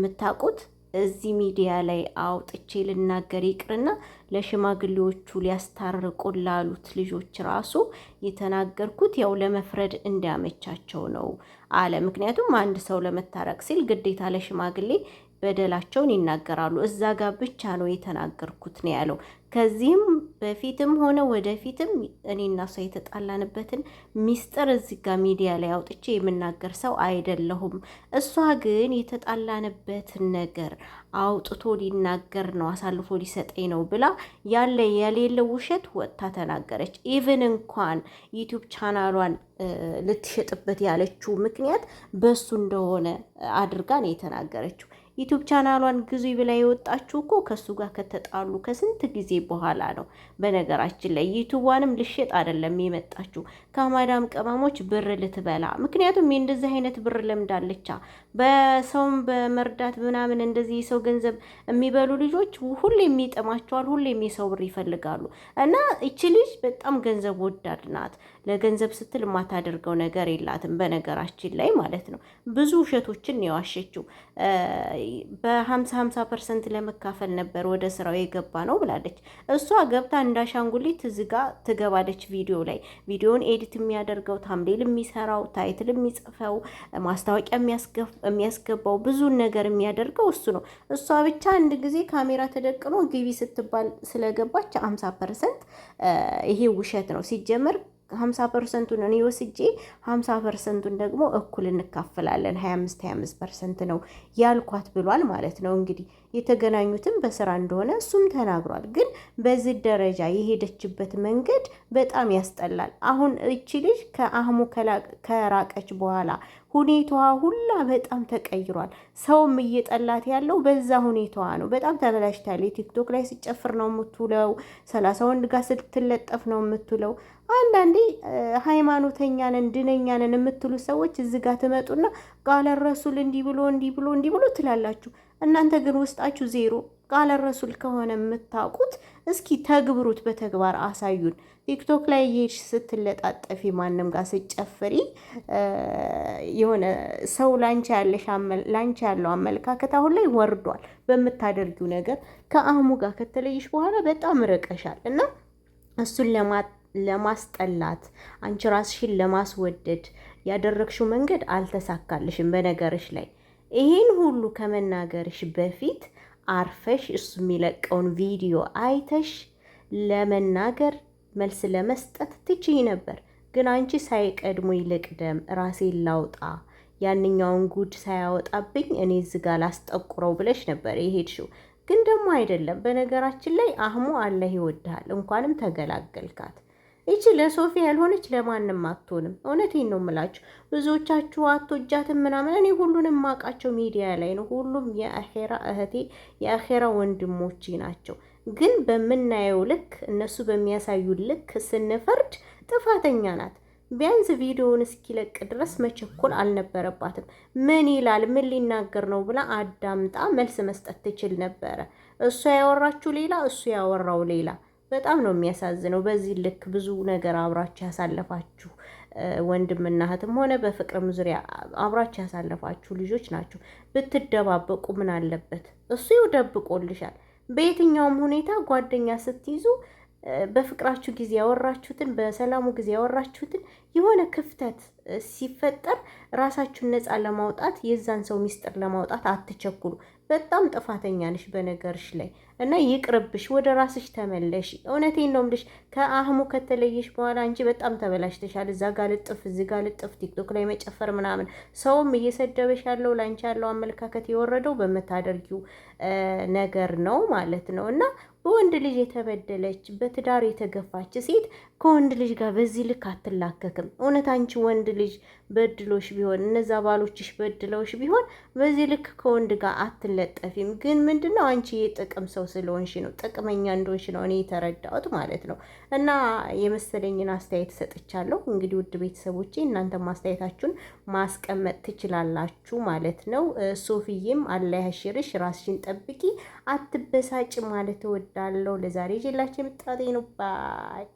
የምታውቁት እዚህ ሚዲያ ላይ አውጥቼ ልናገር ይቅርና ለሽማግሌዎቹ ሊያስታርቁ ላሉት ልጆች ራሱ የተናገርኩት ያው ለመፍረድ እንዲያመቻቸው ነው አለ። ምክንያቱም አንድ ሰው ለመታረቅ ሲል ግዴታ ለሽማግሌ በደላቸውን ይናገራሉ። እዛ ጋር ብቻ ነው የተናገርኩት ነው ያለው። ከዚህም በፊትም ሆነ ወደፊትም እኔና እሷ የተጣላንበትን ሚስጥር እዚህ ጋር ሚዲያ ላይ አውጥቼ የምናገር ሰው አይደለሁም። እሷ ግን የተጣላንበትን ነገር አውጥቶ ሊናገር ነው አሳልፎ ሊሰጠኝ ነው ብላ ያለ የሌለ ውሸት ወጥታ ተናገረች። ኢቨን እንኳን ዩቲዩብ ቻናሏን ልትሸጥበት ያለችው ምክንያት በሱ እንደሆነ አድርጋ ነው የተናገረችው። ዩቱብ ቻናሏን ግዙ ብላ የወጣችሁ እኮ ከእሱ ጋር ከተጣሉ ከስንት ጊዜ በኋላ ነው። በነገራችን ላይ ዩቱቧንም ልሸጥ አይደለም የመጣችሁ ከማዳም ቅመሞች ብር ልትበላ። ምክንያቱም እንደዚህ አይነት ብር ለምዳለቻ በሰውም በመርዳት ምናምን እንደዚህ የሰው ገንዘብ የሚበሉ ልጆች ሁሌም ይጥማቸዋል፣ ሁሌም የሰው ብር ይፈልጋሉ። እና ይቺ ልጅ በጣም ገንዘብ ወዳድ ናት። ለገንዘብ ስትል የማታደርገው ነገር የላትም። በነገራችን ላይ ማለት ነው ብዙ ውሸቶችን የዋሸችው በሀምሳ ሀምሳ ፐርሰንት ለመካፈል ነበር ወደ ስራው የገባ ነው ብላለች። እሷ ገብታ እንዳሻንጉሊት ዝጋ ትገባለች። ቪዲዮ ላይ ቪዲዮውን ኤዲት የሚያደርገው ታምሌል የሚሰራው ታይትል የሚጽፈው ማስታወቂያ የሚያስገባው ብዙ ነገር የሚያደርገው እሱ ነው። እሷ ብቻ አንድ ጊዜ ካሜራ ተደቅኖ ግቢ ስትባል ስለገባች 50 ፐርሰንት ይሄ ውሸት ነው ሲጀመር ሀምሳ ፐርሰንቱን እኔ ወስጄ ሀምሳ ፐርሰንቱን ደግሞ እኩል እንካፈላለን ሀያ አምስት ሀያ አምስት ፐርሰንት ነው ያልኳት ብሏል ማለት ነው። እንግዲህ የተገናኙትም በስራ እንደሆነ እሱም ተናግሯል። ግን በዚህ ደረጃ የሄደችበት መንገድ በጣም ያስጠላል። አሁን እቺ ልጅ ከአህሙ ከራቀች በኋላ ሁኔታዋ ሁላ በጣም ተቀይሯል። ሰውም እየጠላት ያለው በዛ ሁኔታዋ ነው። በጣም ተበላሽታል። የቲክቶክ ላይ ስጨፍር ነው የምትውለው። ሰላሳ ወንድ ጋር ስትለጠፍ ነው የምትውለው። አንዳንዴ ሃይማኖተኛን ድነኛንን የምትሉ ሰዎች እዚህ ጋር ትመጡና ቃለ ረሱል እንዲህ ብሎ እንዲህ ብሎ እንዲህ ብሎ ትላላችሁ። እናንተ ግን ውስጣችሁ ዜሮ። ቃለ ረሱል ከሆነ የምታውቁት እስኪ ተግብሩት፣ በተግባር አሳዩን። ቲክቶክ ላይ እየሄድሽ ስትለጣጠፊ ማንም ጋር ስጨፍሪ የሆነ ሰው ላንቺ ላንቺ ያለው አመለካከት አሁን ላይ ወርዷል። በምታደርጊው ነገር ከአህሙ ጋር ከተለይሽ በኋላ በጣም ርቀሻል እና እሱን ለማ ለማስጠላት አንቺ ራስሽን ለማስወደድ ያደረግሽው መንገድ አልተሳካልሽም። በነገርሽ ላይ ይህን ሁሉ ከመናገርሽ በፊት አርፈሽ እሱ የሚለቀውን ቪዲዮ አይተሽ ለመናገር መልስ ለመስጠት ትችይ ነበር። ግን አንቺ ሳይቀድሞ ይልቅደም ራሴን ላውጣ ያንኛውን ጉድ ሳያወጣብኝ እኔ እዚህ ጋር ላስጠቁረው ብለሽ ነበር የሄድሽው። ግን ደግሞ አይደለም። በነገራችን ላይ አህሙ አላህ ይወድሃል፣ እንኳንም ተገላገልካት። ይቺ ለሶፊ ያልሆነች ለማንም አትሆንም። እውነቴን ነው የምላችሁ። ብዙዎቻችሁ አትወጃትም ምናምን። እኔ ሁሉንም የማውቃቸው ሚዲያ ላይ ነው። ሁሉም የአኼራ እህቴ የአኼራ ወንድሞቼ ናቸው። ግን በምናየው ልክ እነሱ በሚያሳዩ ልክ ስንፈርድ ጥፋተኛ ናት። ቢያንስ ቪዲዮውን እስኪለቅ ድረስ መቸኮል አልነበረባትም። ምን ይላል ምን ሊናገር ነው ብላ አዳምጣ መልስ መስጠት ትችል ነበረ። እሷ ያወራችሁ ሌላ፣ እሱ ያወራው ሌላ በጣም ነው የሚያሳዝነው። በዚህ ልክ ብዙ ነገር አብራችሁ ያሳለፋችሁ ወንድምና እህትም ሆነ በፍቅርም ዙሪያ አብራችሁ ያሳለፋችሁ ልጆች ናቸው። ብትደባበቁ ምን አለበት? እሱ ይደብቆልሻል። በየትኛውም ሁኔታ ጓደኛ ስትይዙ በፍቅራችሁ ጊዜ ያወራችሁትን፣ በሰላሙ ጊዜ ያወራችሁትን የሆነ ክፍተት ሲፈጠር ራሳችሁን ነፃ ለማውጣት የዛን ሰው ሚስጥር ለማውጣት አትቸኩሉ። በጣም ጥፋተኛ ነሽ በነገርሽ ላይ እና ይቅርብሽ፣ ወደ ራስሽ ተመለሽ። እውነቴን ነው የምልሽ። ከአህሙ ከተለየሽ በኋላ አንቺ በጣም ተበላሽተሻል። እዛ ጋ ልጥፍ፣ እዚህ ጋ ልጥፍ፣ ቲክቶክ ላይ መጨፈር ምናምን፣ ሰውም እየሰደበሽ ያለው ላንቺ ያለው አመለካከት የወረደው በምታደርጊው ነገር ነው ማለት ነው እና በወንድ ልጅ የተበደለች በትዳር የተገፋች ሴት ከወንድ ልጅ ጋር በዚህ ልክ አትላከክም። አታውቅም። እውነት አንቺ ወንድ ልጅ በድሎሽ ቢሆን እነዛ ባሎችሽ በድለውሽ ቢሆን በዚህ ልክ ከወንድ ጋር አትለጠፊም። ግን ምንድን ነው አንቺ የጥቅም ሰው ስለሆንሽ ነው፣ ጥቅመኛ እንደሆንሽ ነው እኔ የተረዳሁት ማለት ነው። እና የመሰለኝን አስተያየት ሰጥቻለሁ። እንግዲህ ውድ ቤተሰቦቼ እናንተ ማስተያየታችሁን ማስቀመጥ ትችላላችሁ ማለት ነው። ሶፍዬም አላህ ያሽርሽ፣ ራስሽን ጠብቂ፣ አትበሳጭ ማለት እወዳለሁ። ለዛሬ ጀላቸው የምጣጤ ነው ባይ